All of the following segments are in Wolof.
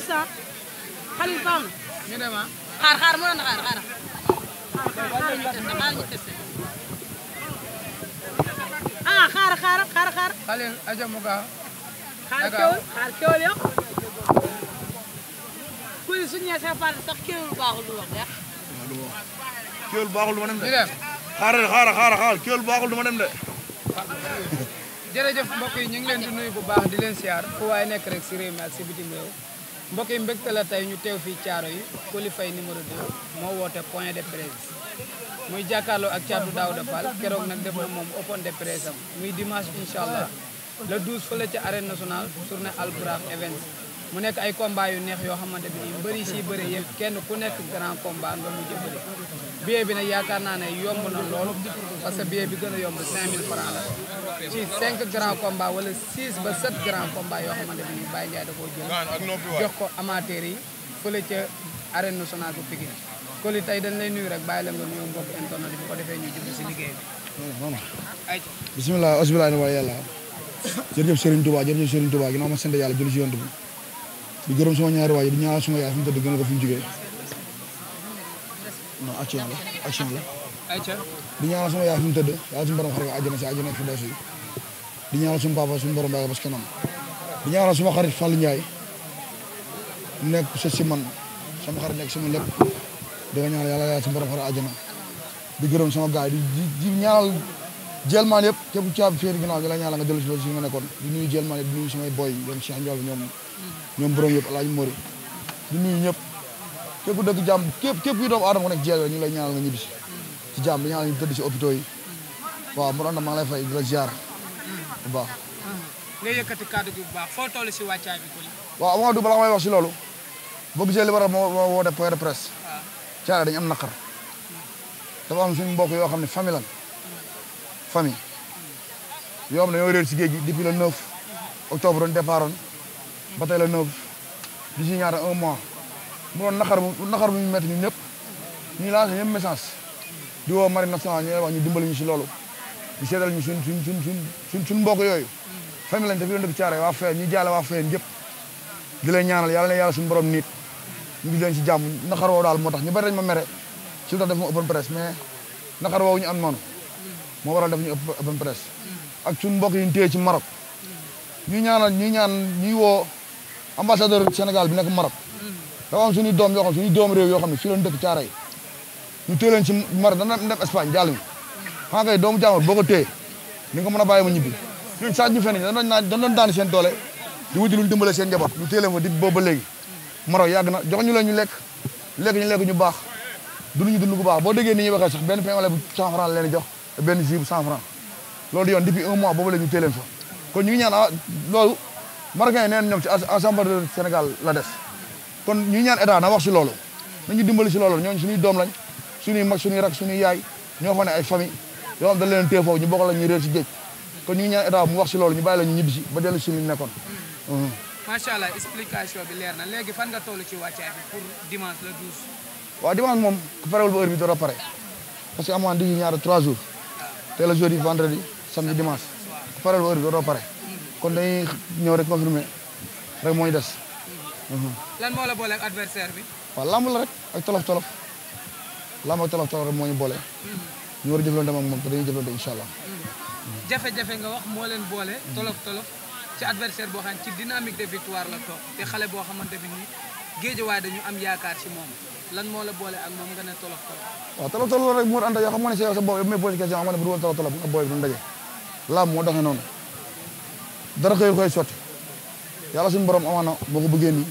700 Khalil baax na ñu dem ah xaar xaar mu doon xaar xaar kewul xaar kewul ah, yo kuy suñu ñe kewul baaxul lu wax de kewul baaxul lu ma de jërëjëf mbokk yi ñu ngi leen di bu baax di leen siyaar fu waaye nekk rek si réew mbokk yi mbégte la tey ñu teew fii caaro yi Coly Faye numéro 2 moo woote point de presse muy jàkkaarloo ak Thiatou Daouda Fall keroog nag def moom open de presse am muy dimanche incha allah le 12 fële ca arène nationale journée Albourakh Events mu nekk ay combat yu neex yoo xamante bi nii mbëri si bëri yëpp kenn ku nekk grand combat nga mujj bi nag yaakaar naa ne yomb na lool parce que billet bi a yomb 5000 francs la ci 5 grand combat wala 6 ba 7 grand combat yoo xamante bi nii Baye Ndiaye da ko amateur yi fële ca arène nationale bu tey dañ lay nuyu rek bàyyi la nga nuyu mbokk internet bi bu ko defee ñu jublu si liggéey bi bisimilah asbilahi ni wa ma sant yàlla julli si yonent bi di gërëm suma ñaari waajur di ñaanal suma yaay fi mu tëdd a ko fi mu jugee di ñaanal suma yaay fi tëdd yàlla suñu borom xare ko àjjana si àjjana ak firdawsi di ñaanal suma papa suñu borom bàyyi ko parce que nam di xarit Fallou Ndiaye nekk sët si man sama xarit nekk sama lépp di nga ñaanal yàlla yàlla suñu borom xare di gërëm sama gaay di di jelman yëpp képp caabi féeri ginnaaw gi la jelas jelas nga dellu si loolu si nga nekkoon di nuyu jelman yëpp di nuyu samay boy ñoom si andiol ñoom ñoom borom yëpp alaaji mori di nuyu ñëpp képp ku dëkk jam, képp képp kuy doomu aadama ko nekk jeel ñu lay ñaanal nga ñibbi si ci jàmm di ñaanal ñu tëdd si hôpitaux yi waaw mu doon maa ngi lay fay di ziar bu baax nga yëkkati kàddu gi bu baax foo toll si wàccaay bi koli waaw Amadou balaa may wax si loolu boo gisee li war a moo moo woote point de presse caare dañu am naqar dafa am suñu mbokk yoo xam famille famille yoo xam ne ñoo réer di géej depuis le 9 octobre doon départ ba le 9 di si ñaata un mois mu doon naxar bu naxar bu ñu métti ñun ñëpp ñu lancé message di woo marine nationale ñu wax ñu dimbali ñu si loolu ñu seetal ñu suñ suñ suñ suñ suñ mbokk yooyu famille lañ dafi ñu di leen ñaanal yàlla na yàlla suñu borom nit ñu ngi leen si jàmm naxar woowu daal moo tax ñu bari dañ ma mere si lu tax def open press mais naxar woowu ñu am moo waral def ñu open press ak suñu mbokk yi ñu téye ci Maroc ñu ñaanal ñu ñaan ñuy woo ambassadeur Sénégal bi nekk Maroc dafa am suñuy doom yoo xam suñuy doom réew yoo xam ne si lañu dëkk caaray ñu téye leen ci Maroc dana dem Espagne jàll ñu xanaa kay doomu jaamur boo ko téye ni nga ko a bàyyi ma ñibbi ñun ñu fen dañ doon naan dañ doon daan seen doole di wuti lu ñu dimbale seen njaboot ñu téye leen fa di boobu ba léegi Maroc yàgg na jox ñu leen ñu lekk lekk ñu lekk ñu baax dund ñu dund bu baax boo déggee ni ñuy waxee sax benn pain bu cent leen jox benn jus bu 100 francs loolu yoon depuis un mois boobu la ñu téye leen fa kon ñu ngi ñaan ah, loolu Marocains yi neen ñoom ci assemblée du Sénégal la des kon ñu ngi ñaan état na wax si loolu ñu dimbali si loolu ñooñu suñuy doom lañ suñuy mag suñuy rak suñuy yaay ñoo fa ay famille yoo xam dañ leen téye foofu ñu bokk la ñuy réer si géej kon ñu ngi ñaan état mu wax si loolu ñu bàyyi la ñu ñibbi si ba dellu si liñ nekkoon mhm. macha allah explication bi leer na léegi fan nga toll ci wàccaay bi pour dimanche le moom ku parewul ba heure bi dara pare parce que amoon na jours. te la jeudi vendredi samedi dimanche ku faral ba heure bi waroo pare kon dañuy ñëw rek confirmer rek moo ñu des. lan moo la boole ak adversaire bi. waa lamb la rek ak tolof tolof lamb ak tolof tolof rek moo ñu boole. Mm-hmm. ñu war a jëflante ak moom te dañuy jëflante incha allah. Mm-hmm. jafe-jafe nga wax moo leen boole. tolof tolof ci adversaire boo xam ci dynamique de victoire la toog te xale boo xamante bi nii. géejawaay dañu am yaakaar ci moom lan moo la boole ak moom nga ne tolof tolof. waaw tolof tolof rek mu ànd ak yoo xam ne si yow sa boobu nga ne bi duñu daje laam moo doxee noonu dara xëy koy sotti yàlla suñu borom amaana boo ko bëggee nii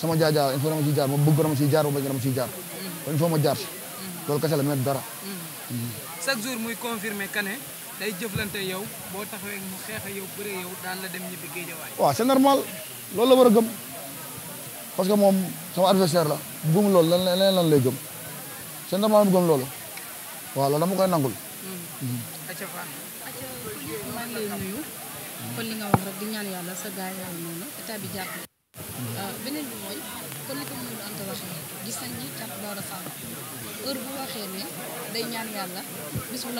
sama jaajaar il faut ma ciy jaar ma bëgg ma ciy jaar ma bañ ma ciy jaar kon il faut ma jaar si loolu kese la mel dara. Mm-hmm. chaque jour muy confirmer que boo taxawee mu xeex yow la dem normal loolu la war a parce que moom sama adversaire la gëm loolu lan lan lay gëm seen dama gëm loolu waaw loolu dama koy nangul. maa ngi jàpp ah, beneen bi mooy kon li waxee ni day ñaan yàlla bis bu bul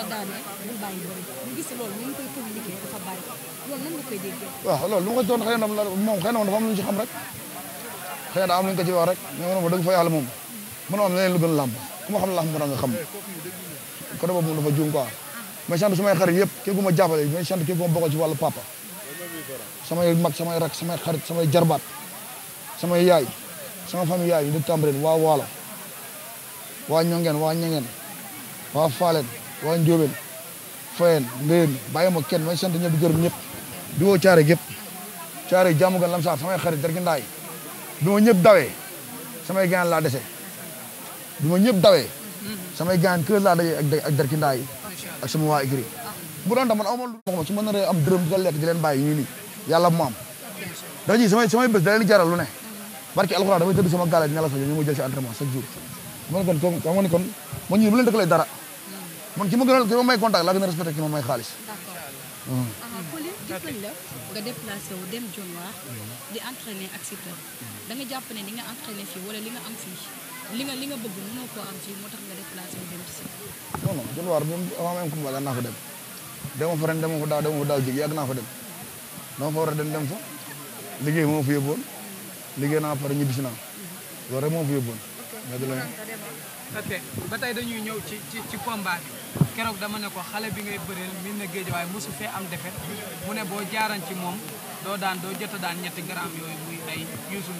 bàyyi bëri ñu gis loolu ñu ngi koy communiqué dafa bàyyi loolu nan nga koy déggee. waaw loolu lu ma ko doon xëy na moom xëy dafa am lu ñu ci xam rek. xëy na daa am lañ ko ci wax rek mais man ma dëgg fa yàlla moom mënoo am leneen lu gën làmb ku ma xam làmb dara nga xam côté boobu moom dafa juum quoi mais sant sumay xarit yëpp képp ku ma sant képp ku ma ci wàllu papa samay mag samay rak sama xarit sama jarbaat sama yaay sama famille yaay yi dëkk wa waa wa waa wa waa wa waa wa waa Njóobeen Fayeen Ngéyeen bàyyi ma kenn may sant ñëpp di gërëm ñëpp di woo caare gépp caare jàmm gan lam saar sama xarit darki ndaay duma ñëpp dawé samay gaan la déssé duma ñëpp dawé samay gaan kër la dajé ak ak dar ki nday ak sama wa igri bu doon dama amoon lu ko ci mëna naree am dërëm di lék di len bàyyi ñu ni yalla mo am dañi samay samay bëss da leen jaral lu né barki alcorane dama tëdd sama gala di nala fa ñu ma jël ci entraînement chaque jour mo ne ko ko mo ni kon mo ñi bu len leen dëkkalee dara man ci mo gënal ci mo may contact la gën respecté ci mo may d'accord hmm. gis nañ la nga déplacé wu dem Dionewar di entraîner ak Siteu da nga jàpp ne li nga entraîner fii wala li nga am fii li nga li nga bëgg mënoo koo am fii moo tax nga déplacé wu dem ci Siteu non non Dionewar moom avant même naa fa dem dama fa ren dama fa daaw dama yàgg naa fa dem dama fa war a dem dem fa liggéey moo fa yóbboon liggéey naa pare ñibbisi naa loolu rek moo fa yóbboon ba tey dañuy ñëw ci ci keroog dama ne ko xale bi ngay bëreel min na géej mosu fee am defet mu ne boo jaaran ci moom doo daan doo jot daan ñetti gram yooyu muy ay Youssou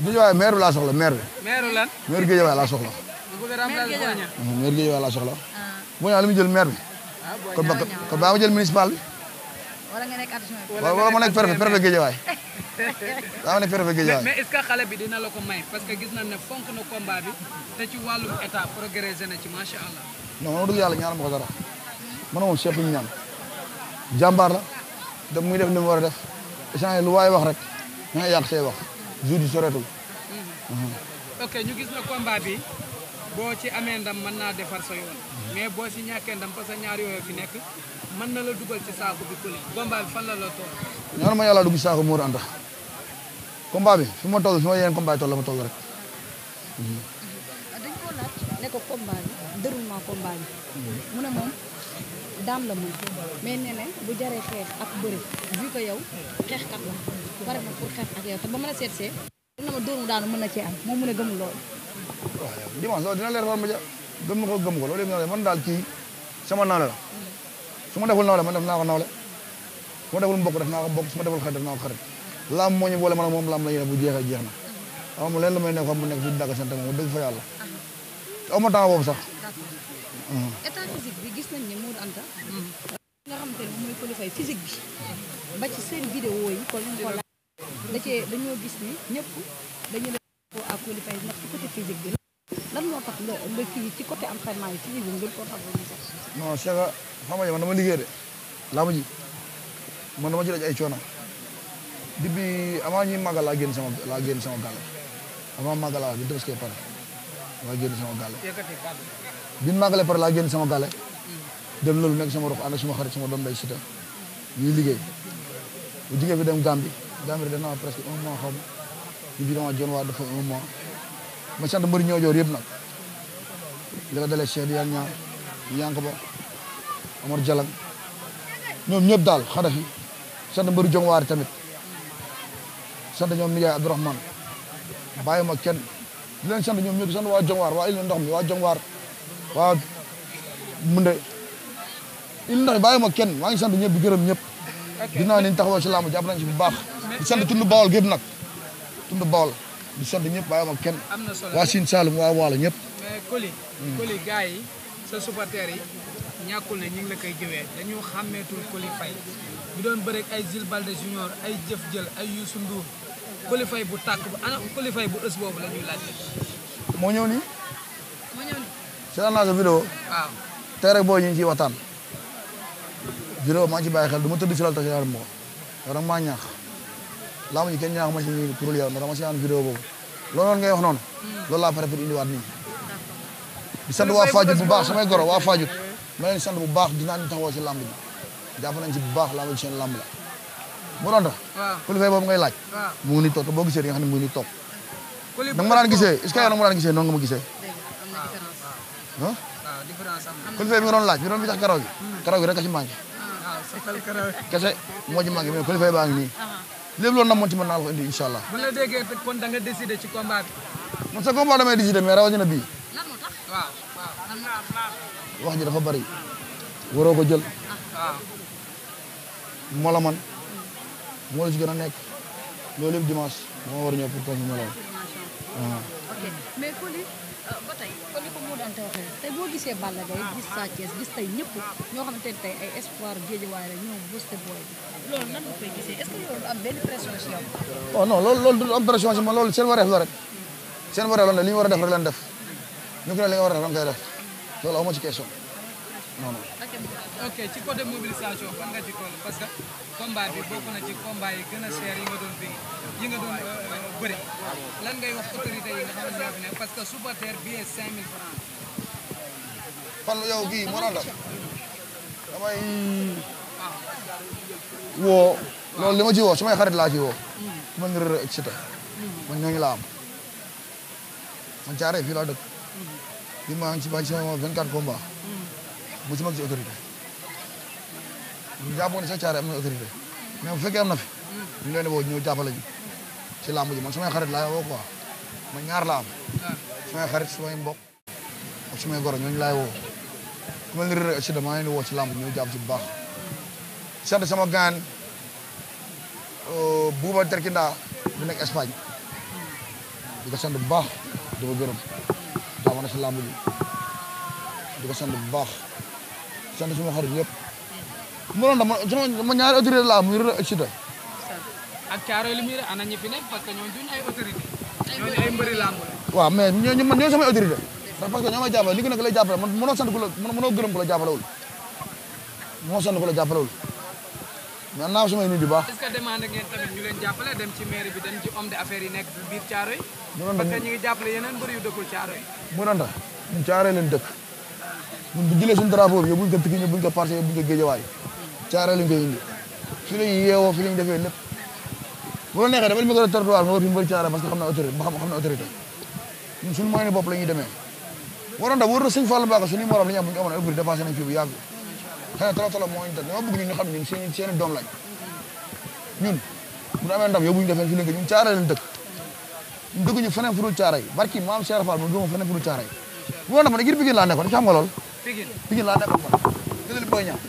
Ndour ak laa soxla meer bi. maire lan maire laa soxla. maire géej waaye. maire géej ah. mu jël maire bi. Ah, kon ba kon ba ma jël municipal bi. wala nga nekk adjoint. wala ma nekk préfet préfet daa ma ne préfet Guédiawaye mais est-ce que xale bi dina la ko may parce que gis nañ ne fonk na combat bi te ci wàllum état progressé na ci macha allah. non man ma dugg yàlla ma ko dara man moom ñu ñaan jàmbaar la da muy def ni war a def échange waay wax rek ñu ngi yàq say wax jour yi mhm. boo ci amee ndam mën naa defar mais boo si ñàkkee ndam parce que mën na la dugal ci saako bi kulli combat bi fan la la toll. ñaan ma yàlla dugg saako Mourou Anta. combat bi fi ma toll fi ma yeneen combat yi la ma toll rek. Mhm. dañ ko laaj ne ko combat bi déroulement combat bi. a seet see dina ma dóomu daanu mën na cee am moom lool. waaw yow dimanche loolu ko gëm ko loolu man daal kii sama nawle la mhm. su ma deful nawle man def naa ko nawle su ma deful mbokk def naa ko mbokk su ma deful xarit def naa ko xarit. lam moo ñu boole man moom lam la ñuy bu jeexee jeex na amul leen lu may nekk fi di dàgg sant moom fa yàlla te aw ma sax état physique bi gis nañ ne Modou Anta nga xam te ne mooy physique bi ba ci seen vidéo yi kon ko la da cee dañoo gis ni ñëpp dañu la ko à qualifié ndax ci côté physique bi lan tax ci côté entraînement yi ko tax non Cheikh man dama liggéey de man dama ci ay dibi ama ñuy màggal laa sama laa sama gal ama màggal laa bi kepar pare sama gal iya, kan, bin ñu màggalee pare laa sama gal eh. dem loolu nek sama rox ana sama xarit sama dom day sita ñuy liggéey bu jige bi dem gambi gambi dana presque un mois xam ñu bi dama jon wa dafa un mois ma sant mbeur ñoo jor yeb nak li dalé Cheikh Diagne ñaan Yank ba Amar Jalang ñom ñep dal xadafi sant mbëri jonwaar tamit sant ñoom Ndiaye Abdourahmane bàyyi ma kenn di leen sant ñoom ñëpp sant waa Jongwaar waa Ile Ndox mi waa Jongwaar waa Munde Ile Ndox mi bàyyi ma kenn maa ngi sant ñëpp di gërëm ñëpp. dinaa leen taxawal si làmb jàpp nañ si bu baax. di sant tund Bawol gépp nag tund Bawol di sant ñëpp bàyyi ma kenn. waa Sine Saloum waa Waalo ñëpp. mais Coly. Hmm. sa supporter yi ñàkkul ne ñu ngi la koy jëwee dañu xàmmeetul Coly Faye. bu doon bëreeg ay Zil Balde Junior ay Jëf Jël ay Youssou Coly bu tàkk bu ana moo ñëw ni moo ñëw nii. seetaan naa sa vidéo. waaw tey boo ñu ngi ciy waxtaan. vidéo maa ngi ci bàyyi xel du ma tëdd si laal tasiwaat ma ko. yow nag maa ñaax. laa ma ñu kenn ma si kuréel yow ndax dama seetaan vidéo boobu. loolu noonu ngay wax noonu. Hmm. loolu laa pare pour indiwaat nii. di sant waa Fajut bu baax samay goro waa Fajut. ma leen sant bu baax dinaa ñu taxawoo si lamb bi. jàpp nañ ci bu baax lamb bi seen lamb la. mu ronta kulifay boobu ngay laaj mu ngi ni toog te boo gisee di nga xam ne mu ngi ni toog da nga ma daan gisee est-ce que yow na ma daan gisee noonu nga ma gisee kulifay bi nga doon laaj bi doon bi tax karaw gi karaw gi rek a ci manqué kese moo ci manqué mais kulifay baa ngi nii lépp loolu na moon ci mën naa la ko indi incha allah bu la déggee kon da nga décidé ci combat bi man sa combat damay décidé mais rawatina bii wax ji dafa bari waroo ko jël moo la man moo gën a nekk loolu yëpp dimanche dama war pour confirmer loolu. Ah. Euh, ba tey Coly gis Sa Thiès gis tey ñëpp ñoo xamante ne tey ay espoir oh du am pression ci yow. loolu seen wareef la rek seen wareef la li ñu war a def rek lañ def ñu ko ne li nga war a def da nga def loolu amoo ci question. non ok ci côté mobilisation fan nga parce que combat bi bokk na ci combat yi gën a cher yi nga doon bi yi nga doon euh, bëri lan yi nga xam ne ñoo fi ne parce que supporter billet 5000 francs. fan yow kii moo tax damay ah. woo loolu li ci woo su may xarit laa ci woo. Hmm. man nga rër excité. man ñooñu laa am. man jaaree fii laa dëkk. bi hmm. maa ngi ci bàyyi sama 24 combat. Hmm. bu ci mag ci autorité ñu jàppoon ne sax caare am na autorité mais bu fekkee am na fi ñu leen woo ñëw jàppale ñu ci làmb ji man sumay xarit laay oh, woo quoi man ñaar la am hmm. sumay xarit sumay mbokk ak sumay goro ñooñu laay oh. woo ku mel ni rek accident maa ngi oh, woo ci làmb ñëw jàpp ci bu sama gaan eh, buuba terkindaa bi nekk Espagne di ko sant bu baax di ko gërëm daa ma na si làmb ji di ko sant bu sant suma xarit yëpp mu doon dama sama ñaari autorité la am muy ak Siteu ak caaro li muy ana ñi fi nekk parce que ñoo duñ ay autorité ñoo ay mbëri lamb waaw mais ñoo ñoo sama autorité ndax parce que ñoo may jàppale li ko lay jàppale man mënoo sant ku la mënoo gërëm ku la jàppalewul mënoo sant ku la jàppalewul mais naa sama nit yu baax est-ce que ngeen tamit ñu leen dem ci bi dem ci homme yi biir yi parce que ngi yu yi leen ñun bu jëlee suñu drapeau bi yóbbuñ ko Pikine yóbbuñ ko Parcelles yóbbuñ ko Guédiawaye caare lañ koy indi fi lañ yeewoo fi lañ na autorité ba xam na autorité ñun suñu moyen bopp la ñuy demee waroon da war na sëñ Fallou Mbacké suñu morom am bu ñu amoon heure bi dépassé nañ bu yàgg xëy ñun ñu xam ne ñun seen ñun bu ñu amee ndam yóbbuñ defee fi lañ ko ñun dëkk ñu dëkk ñu feneen fu dul caare yi barki maam Cheikh Fall mu gëmoo feneen fu dul ne ngir Pikine laa nekkoon lool Pikine Pikine laa nekkoon man gis li Boy Niang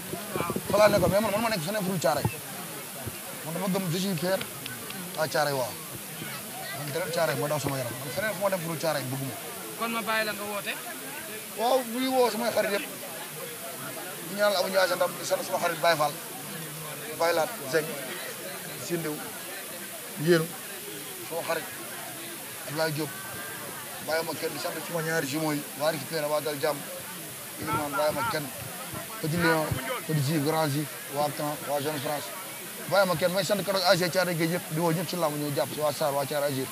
fa laa nekkoon mais man man ma nekk su nekk fu caaray man dama gëm je suis fier caaray waaw man deret caaray moo daw sama yaram man feneen fu ma dem fu caaray ma bàyyi woo samay xarit yëpp ñu ñaanal Laat Zeng Sindiw Yéen sama xarit Abdoulaye Diop bàyyi ma kenn di suma ñaari jumeaux yi waa récupéré waa dal jàmm li man bàyyi ma kenn Petit Lion Petit Ji Grand Ji waa Camp waa Jeune France bàyyi ma kenn may sant keroog AG Thiaroye Géej yëpp di woo ñëpp ci làmb ñoo jàpp si waa Sarr waa Thiaroye Agir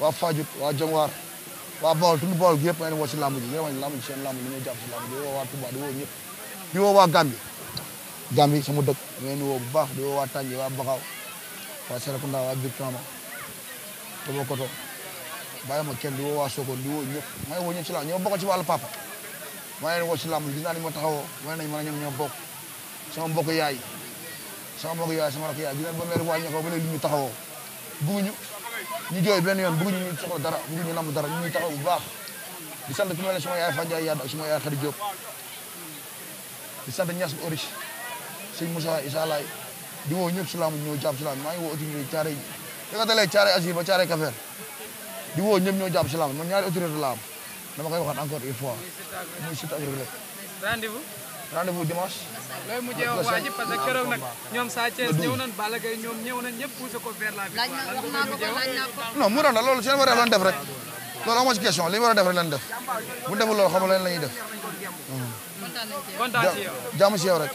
waa Fadiouth waa Jongwaar waa Bawol tund Bawol gi yëpp ma leen woo si làmb ji ngeen wax làmb ji seen làmb ji ñoo jàpp si làmb ji di woo waa Touba di woo ñëpp di woo waa Gambie Gambie sama dëkk ma leen woo bu baax di woo waa Tànje waa Bakaw waa Serekunda waa Bir Kama Tobokoto bàyyi ma kenn di woo waa Sokone di woo ñëpp may woo ñëpp si làmb ñoo bokk ci wàllu papa maa leen woo si làmb gis naa ni ma taxawoo wane nañ ma ñoo bokk sama mbokk yaay sama mbokk yaay sama rakk yaay gis nañ ba mère wàññi ko ba léegi ñu taxawoo bëgguñu ñu jooy benn yoon bëgguñu ñu soxla dara bëgguñu làmb dara ñu ñuy taxaw bu baax di sant ku mel ne suma yaay Fadiaye Yade ak suma yaay Khady Diop di sant Niass Oris sëñ Moussa Issa Laye di woo ñëpp si làmb ñoo jàpp si làmb maa ngi woo autorité ba caare Kafer di woo ñëpp ñoo jàpp si làmb man ñaari autorité la dama koy waxaat encore une fois muy Siteu ak Reug Reug. rendez-vous. rendez-vous dimanche. looy mujjee wax waa ji parce que keroog nag ñoom Sa Thiès ñëw nañ Balla Gaye ñoom ñëw nañ ñëpp poussé ko vers la victoire. non mu doon la loolu seen war a def rek loolu amoo ci question li ñu war a def rek def bu deful loolu xam nga lan la ñuy def. kontaan ci yow jàmm ci yow rek.